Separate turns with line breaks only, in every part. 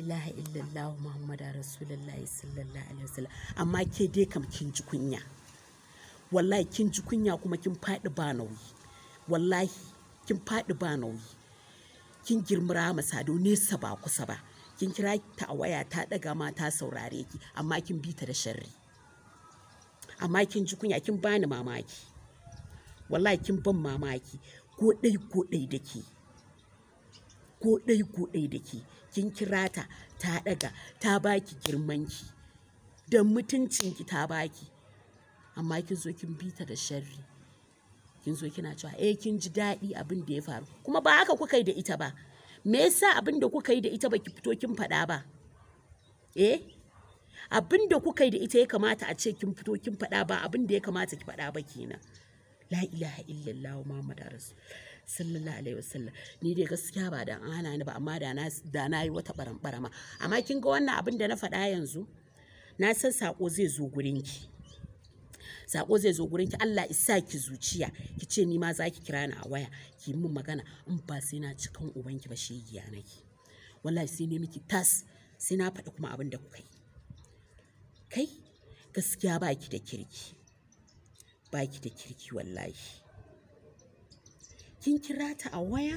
ilaha illallah muhammadu rasulullahi sallallahu alaihi wasallam amma ke dai kam kin ji kunya wallahi kin ji kunya kuma kin faɗi ba nauyi wallahi kin faɗi ba nauyi kin girmira masa sado nesa ba kusa ba kin kira ta a waya ta ɗaga ma ta saurare ki amma kin bi ta da sharri amma kin ji kunya kin bani mamaki wallahi kin ban mamaki ko ɗai ko ɗai da ke ko ɗai ko ɗai da ke kin kira ta ta ɗaga ta baki girmanki da mutuncinki ta baki amma kin zo kin bi ta da sharri kin zo kina cewa eh kin ji daɗi abin da ya faru kuma ba haka kuka yi da ita ba me yasa abin da kuka yi da ita ba ki fito kin faɗa ba eh abin da kuka yi da ita ya kamata a ce kin fito kin faɗa ba abin da ya kamata ki faɗa ba kenan la ilaha illallah muhammadu rasul sallallahu alaihi wasallam ni dai gaskiya ba da ana ni ba amma da na yi wata barambarama amma kin ga wannan abin da na faɗa yanzu na san sako zai zo gurin ki sako zai zo gurin ki Allah isa ki zuciya ki ce ni ma za ki kira ni a waya ki yi min magana in ba sai na cikan ubanki ba shi giya nake wallahi sai ne miki tas sai na faɗi kuma abin da kuka yi kai gaskiya baki da kirki baki da kirki wallahi kin kira ta a waya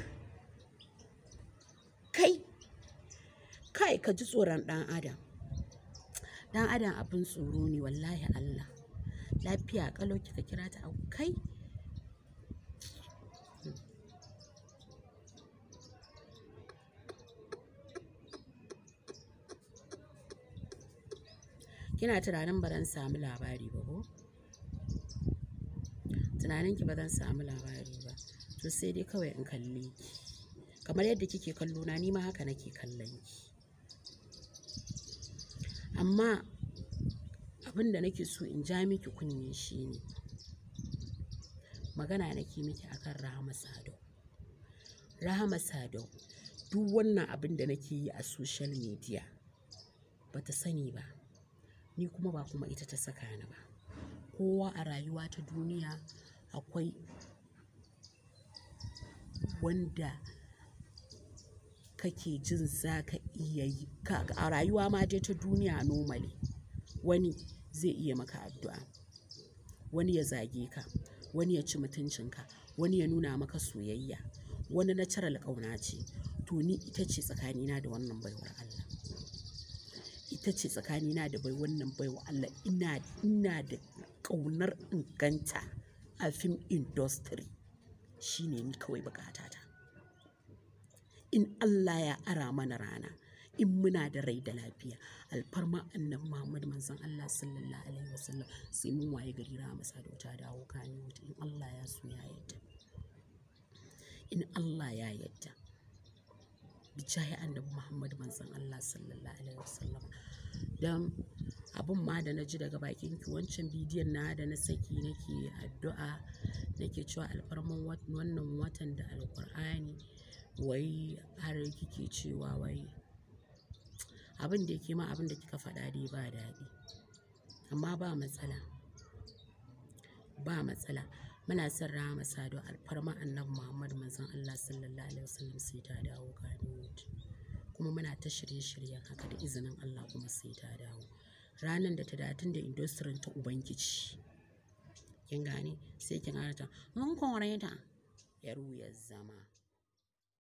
kai kai ka ji tsoron dan adam dan adam abin tsoro ne wallahi Allah lafiya kalau kika kira ta a kai kina tunanin ba zan samu labari ba ko tunanin ba zan samu labari ba to sai dai kawai in kalle ki kamar yadda kike kallo na ni ma haka nake kallon ki amma abin da nake so in ja miki kunne shine magana nake miki akan Rahama Sadau Rahama Sadau duk wannan abin da nake yi a social media bata sani ba ni kuma ba kuma ita ta saka ni ba kowa a rayuwa ta duniya akwai wanda kake jin za ka iya yi a rayuwa ma dai ta duniya nomali wani zai iya maka addu'a wani ya zage ka wani ya ci mutuncinka wani ya nuna maka soyayya wani na cire ƙauna ce to ni ita ce tsakanina da wannan baiwar Allah ita ce tsakanina da bai wannan baiwa Allah ina da ƙaunar inganta a fim industry shine ni kawai ta. In Allah ya ara mana rana, in muna da rai da lafiya, alfarma Annabi Muhammad Manzon Allah Sallallahu Alaihi Wasallam sai mun waye gari rana da ta dawo kayan wuta in Allah ya so ya yadda. In Allah ya yadda. Bi jahi Annabi Muhammad Manzon Allah Sallallahu Alaihi Wasallam. Dan abun ma da na ji daga bakin ki wancan bidiyon na da na saki nake addu'a nake cewa alfarman wannan watan da alkur'ani wai har kike cewa wai abin da yake ma abin da kika faɗa dai ba daɗi amma ba matsala ba matsala muna son rama sado alfarma annabi muhammad manzon allah sallallahu alaihi wasallam sai ta dawo kuma muna ta shirye-shiryen haka da izinin allah kuma sai ta dawo ranar da ta datun da industrin ta ubangiji kin gane sai kin ta mun kore ta yar wuyar zama